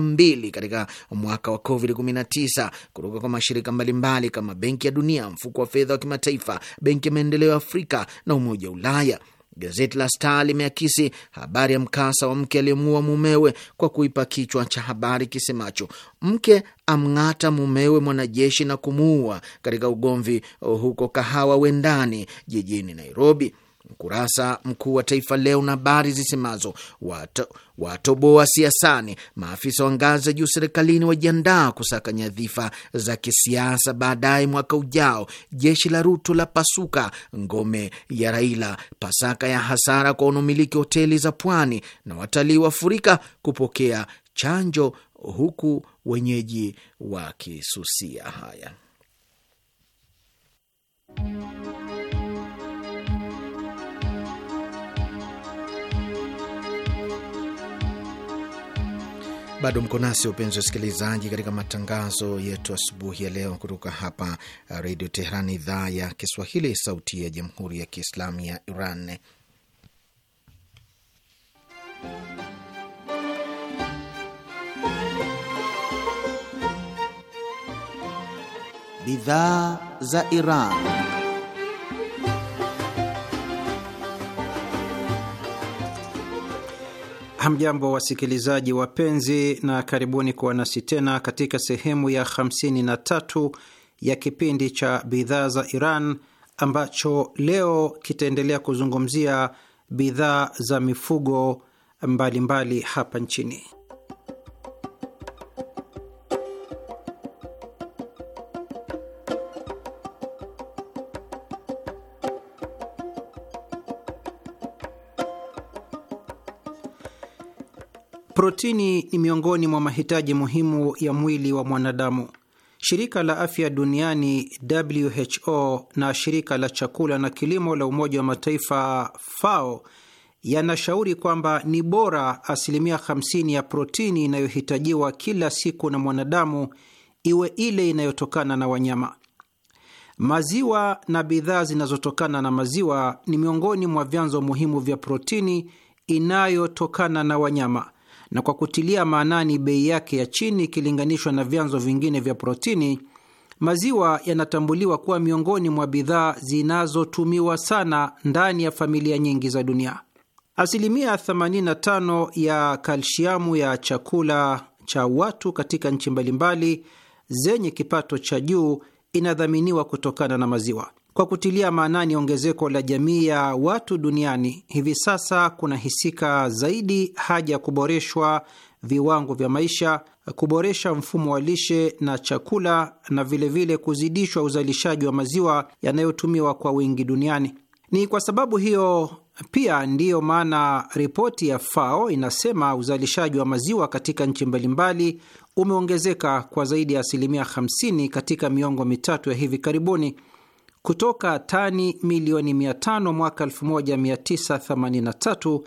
S1: mbili katika mwaka wa COVID-19 kutoka kwa mashirika mbalimbali kama Benki ya Dunia, Mfuko wa Fedha wa Kimataifa, Benki ya Maendeleo ya Afrika na Umoja wa Ulaya. Gazeti la Star limeakisi habari ya mkasa wa mke aliyemuua mumewe kwa kuipa kichwa cha habari kisemacho mke amng'ata mumewe mwanajeshi na kumuua katika ugomvi huko Kahawa Wendani jijini Nairobi. Mkurasa mkuu wa Taifa Leo na habari zisemazo watoboa wa siasani, maafisa wa ngazi ya juu serikalini wajiandaa kusaka nyadhifa za kisiasa baadaye mwaka ujao, jeshi la Ruto la pasuka ngome ya Raila, pasaka ya hasara kwa wanaomiliki hoteli za pwani, na watalii wafurika kupokea chanjo huku wenyeji wakisusia. Haya. Bado mko nasi upenzi wa usikilizaji, katika matangazo yetu asubuhi ya leo kutoka hapa uh, Redio teheran idhaa ya Kiswahili, sauti ya jamhuri ya kiislamu ya Iran. Bidhaa za Iran.
S5: Hamjambo wasikilizaji wapenzi, na karibuni kuwa nasi tena katika sehemu ya 53 ya kipindi cha bidhaa za Iran ambacho leo kitaendelea kuzungumzia bidhaa za mifugo mbalimbali mbali hapa nchini. Protini ni miongoni mwa mahitaji muhimu ya mwili wa mwanadamu. Shirika la Afya Duniani, WHO, na shirika la chakula na kilimo la Umoja wa Mataifa, FAO, yanashauri kwamba ni bora asilimia 50 ya protini inayohitajiwa kila siku na mwanadamu iwe ile inayotokana na wanyama. Maziwa na bidhaa zinazotokana na maziwa ni miongoni mwa vyanzo muhimu vya protini inayotokana na wanyama na kwa kutilia maanani bei yake ya chini ikilinganishwa na vyanzo vingine vya protini, maziwa yanatambuliwa kuwa miongoni mwa bidhaa zinazotumiwa sana ndani ya familia nyingi za dunia. Asilimia 85 ya kalsiamu ya chakula cha watu katika nchi mbalimbali zenye kipato cha juu inadhaminiwa kutokana na maziwa. Kwa kutilia maanani ongezeko la jamii ya watu duniani, hivi sasa kunahisika zaidi haja ya kuboreshwa viwango vya maisha, kuboresha mfumo wa lishe na chakula, na vilevile vile kuzidishwa uzalishaji wa maziwa yanayotumiwa kwa wingi duniani. Ni kwa sababu hiyo pia ndiyo maana ripoti ya FAO inasema uzalishaji wa maziwa katika nchi mbalimbali umeongezeka kwa zaidi ya asilimia 50 katika miongo mitatu ya hivi karibuni kutoka tani milioni 500 mwaka 1983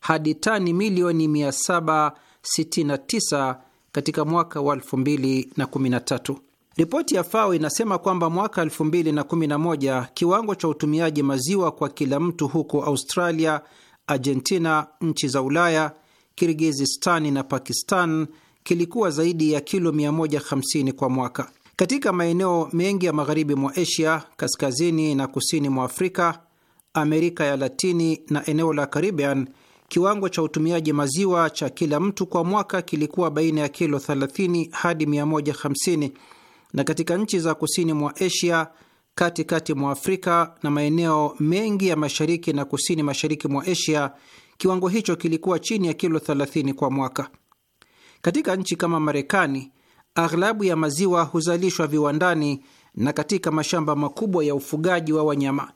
S5: hadi tani milioni 769 katika mwaka wa 2013. Ripoti ya FAO inasema kwamba mwaka 2011 kiwango cha utumiaji maziwa kwa kila mtu huko Australia, Argentina, nchi za Ulaya, Kirgizistani na Pakistan kilikuwa zaidi ya kilo 150 kwa mwaka. Katika maeneo mengi ya magharibi mwa Asia, kaskazini na kusini mwa Afrika, Amerika ya Latini na eneo la Caribbean, kiwango cha utumiaji maziwa cha kila mtu kwa mwaka kilikuwa baina ya kilo 30 hadi 150, na katika nchi za kusini mwa Asia, katikati kati mwa Afrika na maeneo mengi ya mashariki na kusini mashariki mwa Asia, kiwango hicho kilikuwa chini ya kilo 30 kwa mwaka. Katika nchi kama Marekani, aghlabu ya maziwa huzalishwa viwandani na katika mashamba makubwa ya ufugaji wa wanyama.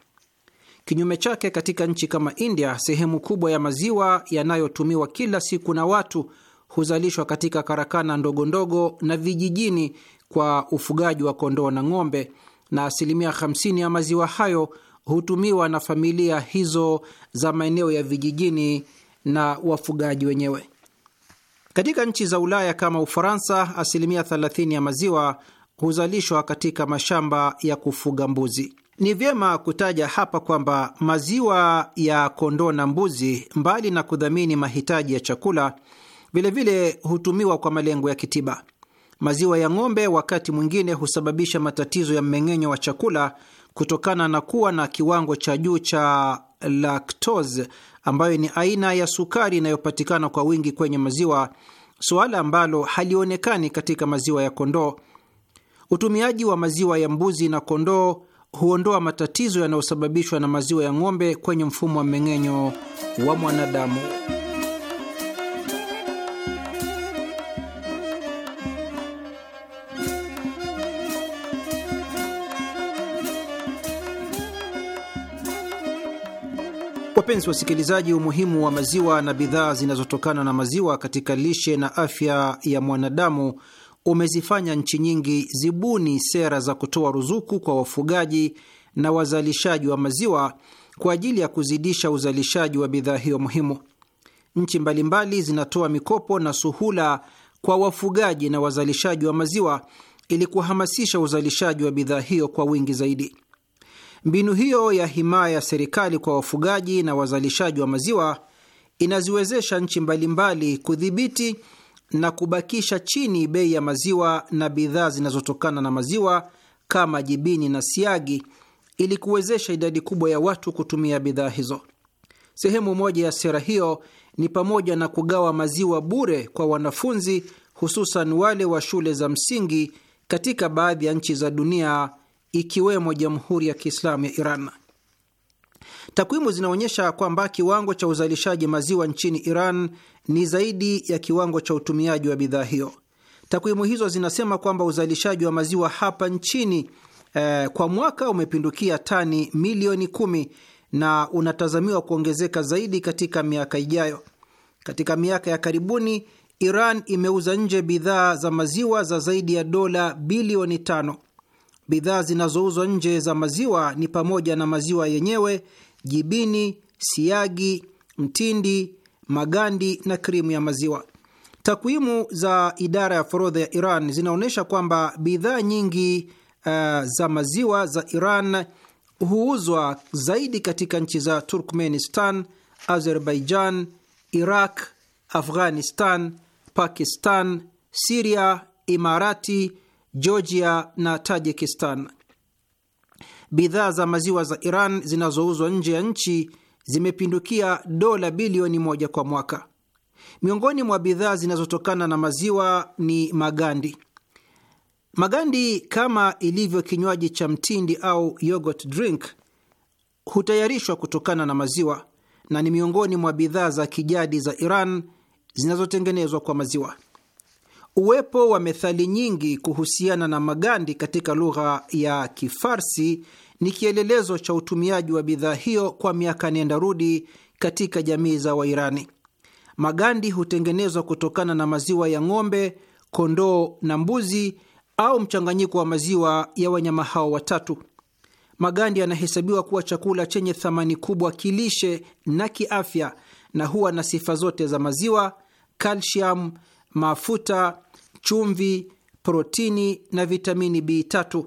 S5: Kinyume chake, katika nchi kama India, sehemu kubwa ya maziwa yanayotumiwa kila siku na watu huzalishwa katika karakana ndogo ndogo na vijijini kwa ufugaji wa kondoo na ng'ombe, na asilimia 50 ya maziwa hayo hutumiwa na familia hizo za maeneo ya vijijini na wafugaji wenyewe. Katika nchi za Ulaya kama Ufaransa, asilimia 30 ya maziwa huzalishwa katika mashamba ya kufuga mbuzi. Ni vyema kutaja hapa kwamba maziwa ya kondoo na mbuzi, mbali na kudhamini mahitaji ya chakula, vilevile hutumiwa kwa malengo ya kitiba. Maziwa ya ng'ombe wakati mwingine husababisha matatizo ya mmeng'enyo wa chakula kutokana na kuwa na kiwango cha juu cha lactose ambayo ni aina ya sukari inayopatikana kwa wingi kwenye maziwa, suala ambalo halionekani katika maziwa ya kondoo. Utumiaji wa maziwa ya mbuzi na kondoo huondoa matatizo yanayosababishwa na maziwa ya ng'ombe kwenye mfumo wa mmeng'enyo wa mwanadamu. Wapenzi wasikilizaji, umuhimu wa maziwa na bidhaa zinazotokana na maziwa katika lishe na afya ya mwanadamu umezifanya nchi nyingi zibuni sera za kutoa ruzuku kwa wafugaji na wazalishaji wa maziwa kwa ajili ya kuzidisha uzalishaji wa bidhaa hiyo muhimu. Nchi mbalimbali zinatoa mikopo na suhula kwa wafugaji na wazalishaji wa maziwa ili kuhamasisha uzalishaji wa bidhaa hiyo kwa wingi zaidi. Mbinu hiyo ya himaya ya serikali kwa wafugaji na wazalishaji wa maziwa inaziwezesha nchi mbalimbali kudhibiti na kubakisha chini bei ya maziwa na bidhaa zinazotokana na maziwa kama jibini na siagi ili kuwezesha idadi kubwa ya watu kutumia bidhaa hizo. Sehemu moja ya sera hiyo ni pamoja na kugawa maziwa bure kwa wanafunzi, hususan wale wa shule za msingi katika baadhi ya nchi za dunia ikiwemo Jamhuri ya Kiislamu ya Iran. Takwimu zinaonyesha kwamba kiwango cha uzalishaji maziwa nchini Iran ni zaidi ya kiwango cha utumiaji wa bidhaa hiyo. Takwimu hizo zinasema kwamba uzalishaji wa maziwa hapa nchini eh, kwa mwaka umepindukia tani milioni kumi na unatazamiwa kuongezeka zaidi katika miaka ijayo. Katika miaka ya karibuni Iran imeuza nje bidhaa za maziwa za zaidi ya dola bilioni tano. Bidhaa zinazouzwa nje za maziwa ni pamoja na maziwa yenyewe, jibini, siagi, mtindi, magandi na krimu ya maziwa. Takwimu za idara ya forodha ya Iran zinaonyesha kwamba bidhaa nyingi uh, za maziwa za Iran huuzwa zaidi katika nchi za Turkmenistan, Azerbaijan, Iraq, Afghanistan, Pakistan, Siria, Imarati, Georgia na Tajikistan. Bidhaa za maziwa za Iran zinazouzwa nje ya nchi zimepindukia dola bilioni moja kwa mwaka. Miongoni mwa bidhaa zinazotokana na maziwa ni magandi. Magandi, kama ilivyo kinywaji cha mtindi au yogurt drink, hutayarishwa kutokana na maziwa na ni miongoni mwa bidhaa za kijadi za Iran zinazotengenezwa kwa maziwa. Uwepo wa methali nyingi kuhusiana na magandi katika lugha ya Kifarsi ni kielelezo cha utumiaji wa bidhaa hiyo kwa miaka nenda rudi katika jamii za Wairani. Magandi hutengenezwa kutokana na maziwa ya ng'ombe, kondoo na mbuzi au mchanganyiko wa maziwa ya wanyama hao watatu. Magandi yanahesabiwa kuwa chakula chenye thamani kubwa kilishe na kiafya, na huwa na sifa zote za maziwa, kalsiamu mafuta, chumvi, protini na vitamini B3.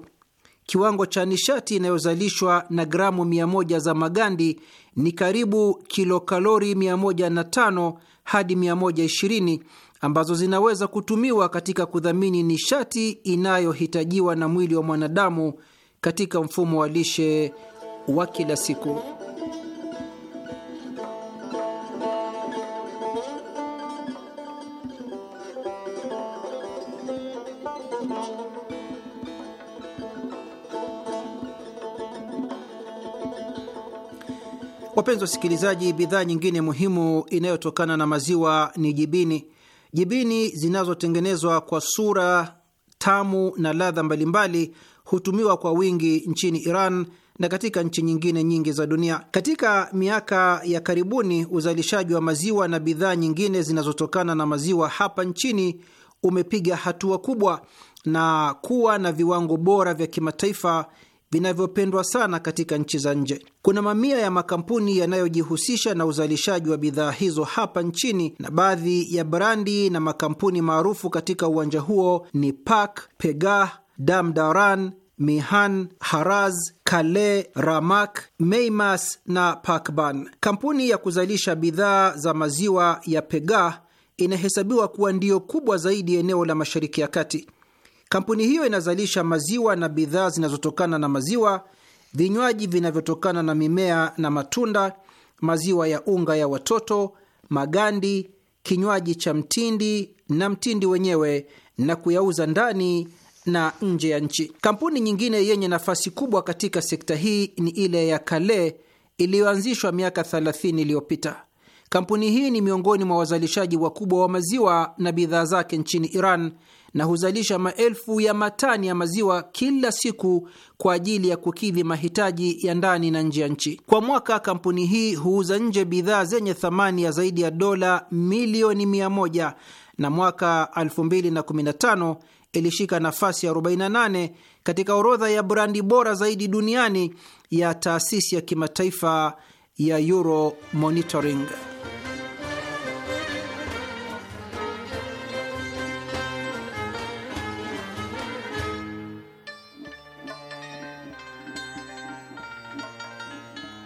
S5: Kiwango cha nishati inayozalishwa na gramu 100 za magandi ni karibu kilokalori 105 hadi 120 ambazo zinaweza kutumiwa katika kudhamini nishati inayohitajiwa na mwili wa mwanadamu katika mfumo wa lishe wa kila siku. Wapenzi wasikilizaji, bidhaa nyingine muhimu inayotokana na maziwa ni jibini. Jibini zinazotengenezwa kwa sura tamu na ladha mbalimbali hutumiwa kwa wingi nchini Iran na katika nchi nyingine nyingi za dunia. Katika miaka ya karibuni, uzalishaji wa maziwa na bidhaa nyingine zinazotokana na maziwa hapa nchini umepiga hatua kubwa na kuwa na viwango bora vya kimataifa vinavyopendwa sana katika nchi za nje. Kuna mamia ya makampuni yanayojihusisha na uzalishaji wa bidhaa hizo hapa nchini, na baadhi ya brandi na makampuni maarufu katika uwanja huo ni Pak, Pegah, Damdaran, Mihan, Haraz, Kale, Ramak, Meimas na Pakban. Kampuni ya kuzalisha bidhaa za maziwa ya Pegah inahesabiwa kuwa ndiyo kubwa zaidi eneo la Mashariki ya Kati. Kampuni hiyo inazalisha maziwa na bidhaa zinazotokana na maziwa, vinywaji vinavyotokana na mimea na matunda, maziwa ya unga ya watoto, magandi, kinywaji cha mtindi na mtindi wenyewe, na kuyauza ndani na nje ya nchi. Kampuni nyingine yenye nafasi kubwa katika sekta hii ni ile ya Kale iliyoanzishwa miaka 30 iliyopita. Kampuni hii ni miongoni mwa wazalishaji wakubwa wa maziwa na bidhaa zake nchini Iran na huzalisha maelfu ya matani ya maziwa kila siku kwa ajili ya kukidhi mahitaji ya ndani na nje ya nchi. Kwa mwaka, kampuni hii huuza nje bidhaa zenye thamani ya zaidi ya dola milioni 1 na mwaka 2015 ilishika nafasi ya 48 katika orodha ya brandi bora zaidi duniani ya taasisi ya kimataifa ya Euro Monitoring.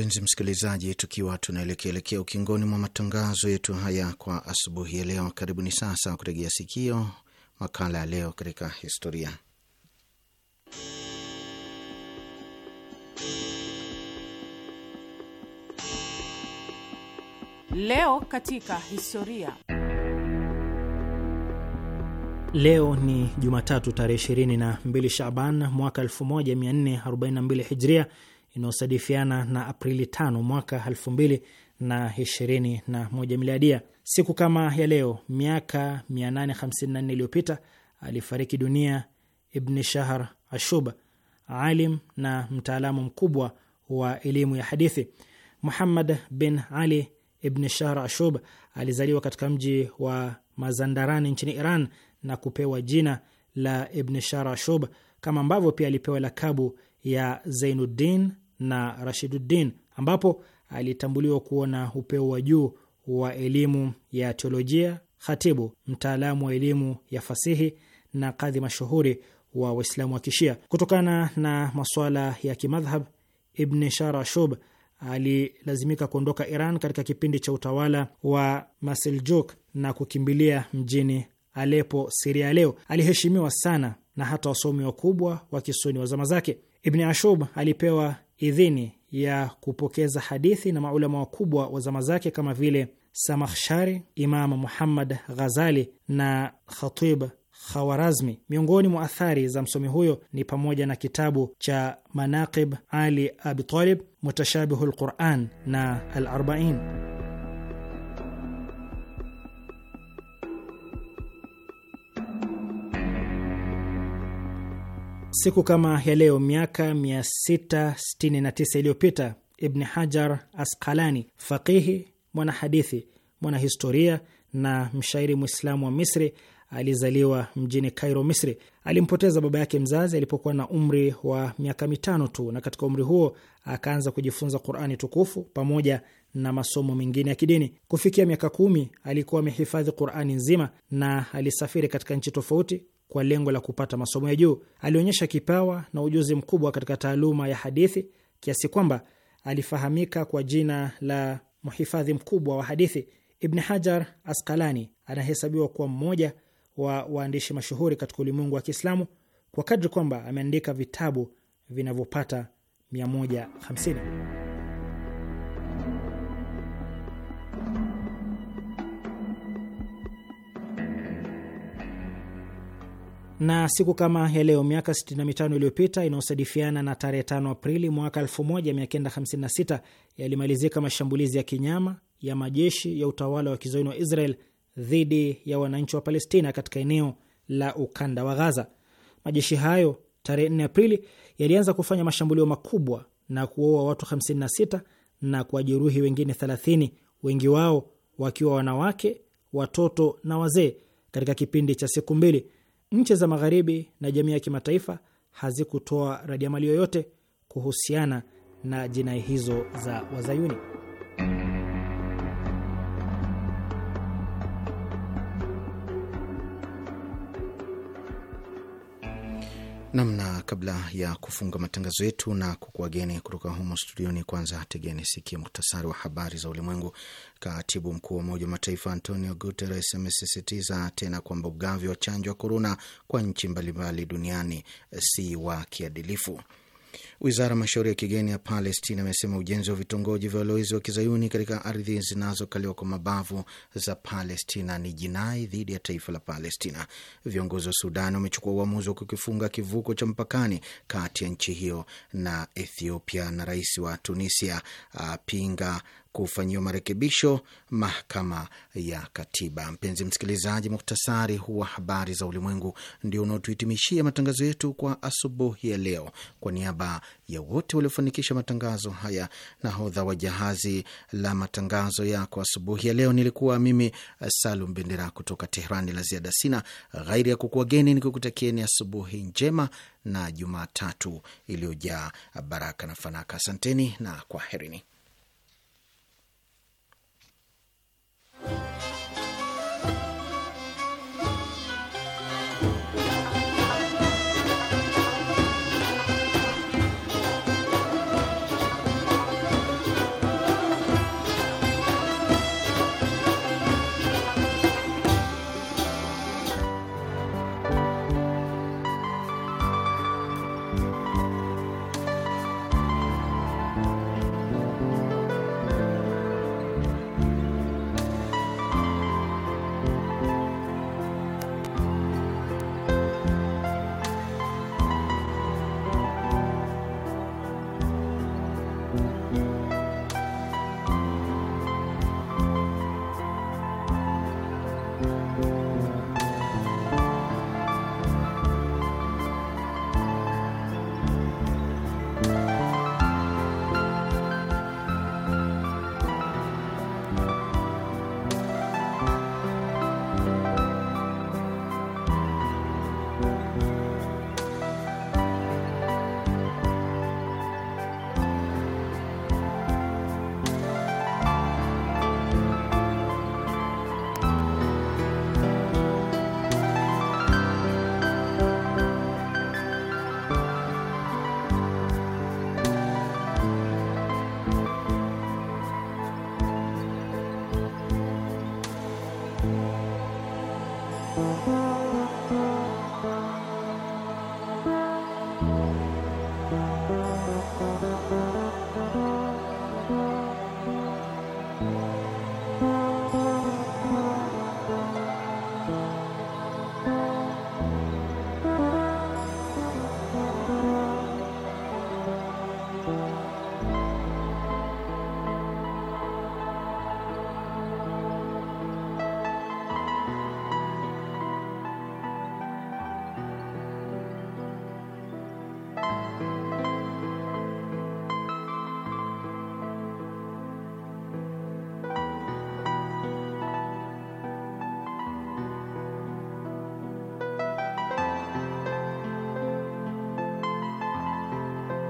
S1: mpenzi msikilizaji, tukiwa tunaelekeelekea ukingoni mwa matangazo yetu haya kwa asubuhi ya leo, karibuni sasa kutegea sikio makala ya leo katika historia.
S4: Leo katika historia.
S3: Leo ni Jumatatu tarehe 22 Shaban mwaka 1442 Hijria inayosadifiana na Aprili 5 mwaka 2021 miliadia. Siku kama ya leo miaka 854 iliyopita alifariki dunia Ibni Shahr ashub alim na mtaalamu mkubwa wa elimu ya hadithi. Muhammad bin Ali ibn Shahr Ashub alizaliwa katika mji wa Mazandarani nchini Iran na kupewa jina la ibn Shahr Ashub, kama ambavyo pia alipewa lakabu ya Zainuddin na Rashiduddin, ambapo alitambuliwa kuwa na upeo wa juu wa elimu ya teolojia, khatibu mtaalamu wa elimu ya fasihi na kadhi mashuhuri wa Waislamu wa Kishia. Kutokana na masuala ya kimadhhab, Ibn Sharashub alilazimika kuondoka Iran katika kipindi cha utawala wa Maseljuk na kukimbilia mjini Alepo, Siria leo. Aliheshimiwa sana na hata wasomi wakubwa wa kisuni wa zama zake. Ibni Ashub alipewa idhini ya kupokeza hadithi na maulama wakubwa wa zama zake kama vile Samakhshari, Imam Muhammad Ghazali na Khatib Khawarazmi. Miongoni mwa athari za msomi huyo ni pamoja na kitabu cha Manaqib Ali Abi Talib, lquran na Al Arbain. Siku kama ya leo miaka 669 iliyopita Ibni Hajar Asqalani, faqihi, mwanahadithi, mwanahistoria na mshairi mwislamu wa Misri alizaliwa mjini Cairo, Misri. Alimpoteza baba yake mzazi alipokuwa na umri wa miaka mitano tu, na katika umri huo akaanza kujifunza Qurani tukufu pamoja na masomo mengine ya kidini. Kufikia miaka kumi alikuwa amehifadhi Qurani nzima na alisafiri katika nchi tofauti kwa lengo la kupata masomo ya juu. Alionyesha kipawa na ujuzi mkubwa katika taaluma ya hadithi kiasi kwamba alifahamika kwa jina la mhifadhi mkubwa wa hadithi. Ibn Hajar Askalani anahesabiwa kuwa mmoja wa waandishi mashuhuri katika ulimwengu wa Kiislamu kwa kadri kwamba ameandika vitabu vinavyopata 150. na siku kama ya leo miaka 65 iliyopita inayosadifiana na tarehe 5 Aprili mwaka 1956 yalimalizika mashambulizi ya kinyama ya majeshi ya utawala wa kizayuni wa Israel dhidi ya wananchi wa Palestina katika eneo la ukanda wa Gaza. Majeshi hayo tarehe 4 Aprili yalianza kufanya mashambulio makubwa na kuwaua watu 56 na kuwajeruhi wengine 30, wengi wao wakiwa wanawake, watoto na wazee katika kipindi cha siku mbili nchi za Magharibi na jamii ya kimataifa hazikutoa radiamali yoyote kuhusiana na jinai hizo za Wazayuni.
S1: namna. Kabla ya kufunga matangazo yetu na kukuwageni kutoka humo studioni, kwanza tegeni sikia muktasari wa habari za ulimwengu. Katibu mkuu wa Umoja wa Mataifa Antonio Guterres amesisitiza tena kwamba ugavi wa chanjo ya korona kwa nchi mbalimbali duniani si wa kiadilifu. Wizara ya mashauri ya kigeni ya Palestina imesema ujenzi wa vitongoji vya walowezi wa kizayuni katika ardhi zinazokaliwa kwa mabavu za Palestina ni jinai dhidi ya taifa la Palestina. Viongozi wa Sudani wamechukua uamuzi wa kukifunga kivuko cha mpakani kati ya nchi hiyo na Ethiopia, na rais wa Tunisia apinga kufanyiwa marekebisho mahakama ya katiba. Mpenzi msikilizaji, muktasari huu wa habari za ulimwengu ndio unaotuhitimishia matangazo yetu kwa asubuhi ya leo. Kwa niaba ya wote waliofanikisha matangazo haya. Nahodha wa jahazi la matangazo yako asubuhi ya leo nilikuwa mimi eh, Salum Bendera kutoka Tehrani. La ziada sina ghairi ya kukua kukuwageni nikikutakieni asubuhi njema na Jumatatu iliyojaa baraka na fanaka. Asanteni na kwaherini.